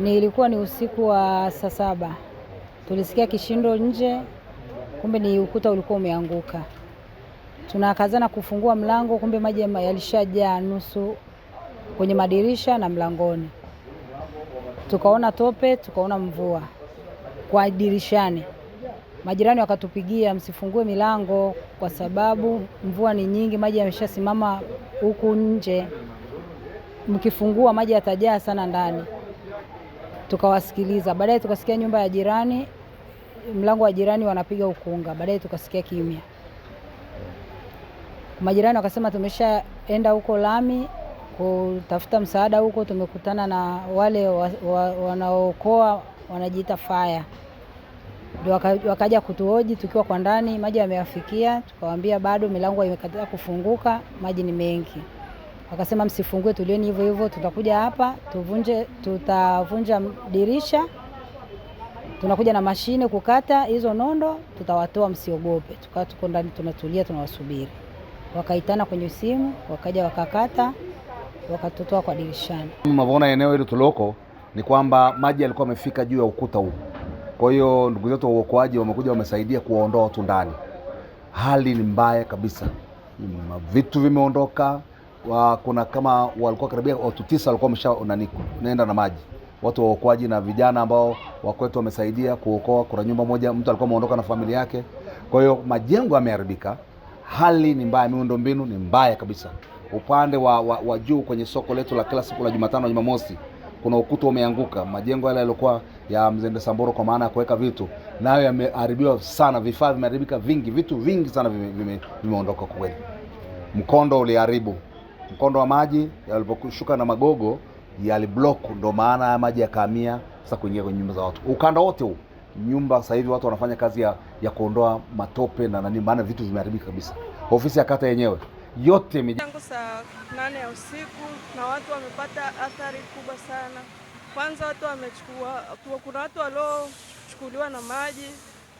ni ilikuwa ni usiku wa saa saba, tulisikia kishindo nje, kumbe ni ukuta ulikuwa umeanguka. Tunakazana kufungua mlango, kumbe maji yalishajaa nusu kwenye madirisha na mlangoni. Tukaona tope, tukaona mvua kwa dirishani. Majirani wakatupigia, msifungue milango kwa sababu mvua ni nyingi, maji yameshasimama huku nje, mkifungua maji yatajaa sana ndani tukawasikiliza. Baadaye tukasikia nyumba ya jirani, mlango wa jirani wanapiga ukunga, baadaye tukasikia kimya. Majirani wakasema tumeshaenda huko lami kutafuta msaada huko, tumekutana na wale wa, wa, wanaokoa wanajiita faya, ndio wakaja kutuoji tukiwa kwa ndani, maji yamewafikia. Tukawaambia bado milango imekataa kufunguka, maji ni mengi wakasema msifungue, tulieni hivyo hivyo, tutakuja hapa tuvunje, tutavunja dirisha, tunakuja na mashine kukata hizo nondo, tutawatoa, msiogope. Tukawa tuko ndani tunatulia, tunawasubiri. Wakaitana kwenye simu, wakaja wakakata, wakatutoa kwa dirishani. Mnavyoona eneo hilo tulioko ni kwamba maji yalikuwa yamefika juu ya ukuta huu. Kwa hiyo ndugu zetu wa uokoaji wamekuja, wamesaidia kuwaondoa watu ndani. Hali ni mbaya kabisa, vitu vimeondoka wa, kuna kama walikuwa karibia watu tisa walikuwa wamesha naenda na maji, watu wa uokoaji na vijana ambao wakwetu wamesaidia kuokoa. Kuna nyumba moja mtu alikuwa ameondoka na familia yake, kwa hiyo majengo yameharibika, hali ni mbaya, miundo mbinu ni mbaya kabisa. Upande wa, wa, wa juu kwenye soko letu la kila siku la Jumatano na Jumamosi kuna ukuta umeanguka, majengo yale yaliokuwa ya Mzende Samboro kwa maana ya kuweka vitu nayo yameharibiwa sana, vifaa vimeharibika vingi, vitu vingi sana vimeondoka, vime, vime kweli, mkondo uliharibu mkondo wa maji yaliposhuka na magogo yaliblock, ndo maana ya maji yakahamia sasa kuingia kwenye nyumba za watu, ukanda wote huu nyumba. Sasa hivi watu wanafanya kazi ya, ya kuondoa matope na nani, maana vitu vimeharibika kabisa. Ofisi ya kata yenyewe yote tangu saa nane ya usiku, na watu wamepata athari kubwa sana. Kwanza watu wamechukua, kuna watu waliochukuliwa na maji,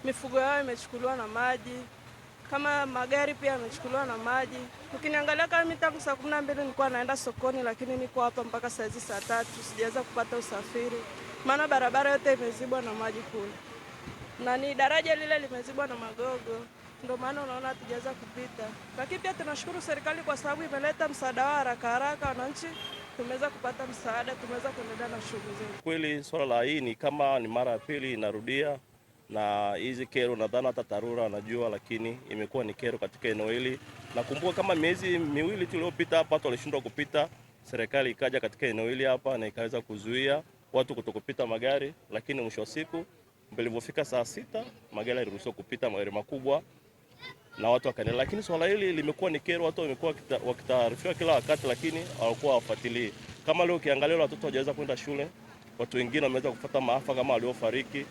mifugo yao imechukuliwa na maji kama magari pia yamechukuliwa na maji. Ukiniangalia kama mimi tangu saa kumi na mbili nilikuwa naenda sokoni, lakini niko hapa mpaka saa hizi saa tatu sijaweza kupata usafiri, maana barabara yote imezibwa na maji kule, na ni daraja lile limezibwa na magogo, ndio maana unaona hatujaweza kupita. Lakini pia tunashukuru serikali kwa sababu imeleta msaada wa haraka haraka, wananchi tumeweza kupata msaada, tumeweza kuendelea na shughuli zetu. Kweli swala la hii ni kama ni mara ya pili inarudia na hizi kero nadhani hata TARURA anajua, lakini imekuwa ni kero katika eneo hili. Nakumbuka kama miezi miwili tu iliyopita hapa watu walishindwa kupita, serikali ikaja katika eneo hili hapa na ikaweza kuzuia watu kutokupita magari, lakini mwisho wa siku ilivyofika saa sita magari yaliruhusiwa kupita magari makubwa na watu wakaendelea, lakini swala hili limekuwa ni kero, watu wamekuwa wakitaarifiwa kila wakati, lakini hawakuwa wafuatilii. Kama leo ukiangalia watoto hawajaweza kwenda shule, watu wengine wameweza kupata maafa kama waliofariki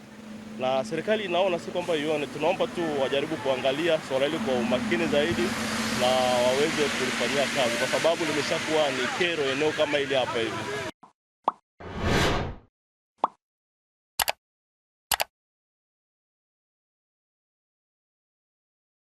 na serikali inaona si kwamba ione, tunaomba tu wajaribu kuangalia swala hili kwa umakini zaidi na waweze kulifanyia kazi, kwa sababu limeshakuwa ni kero eneo kama hili hapa hivi.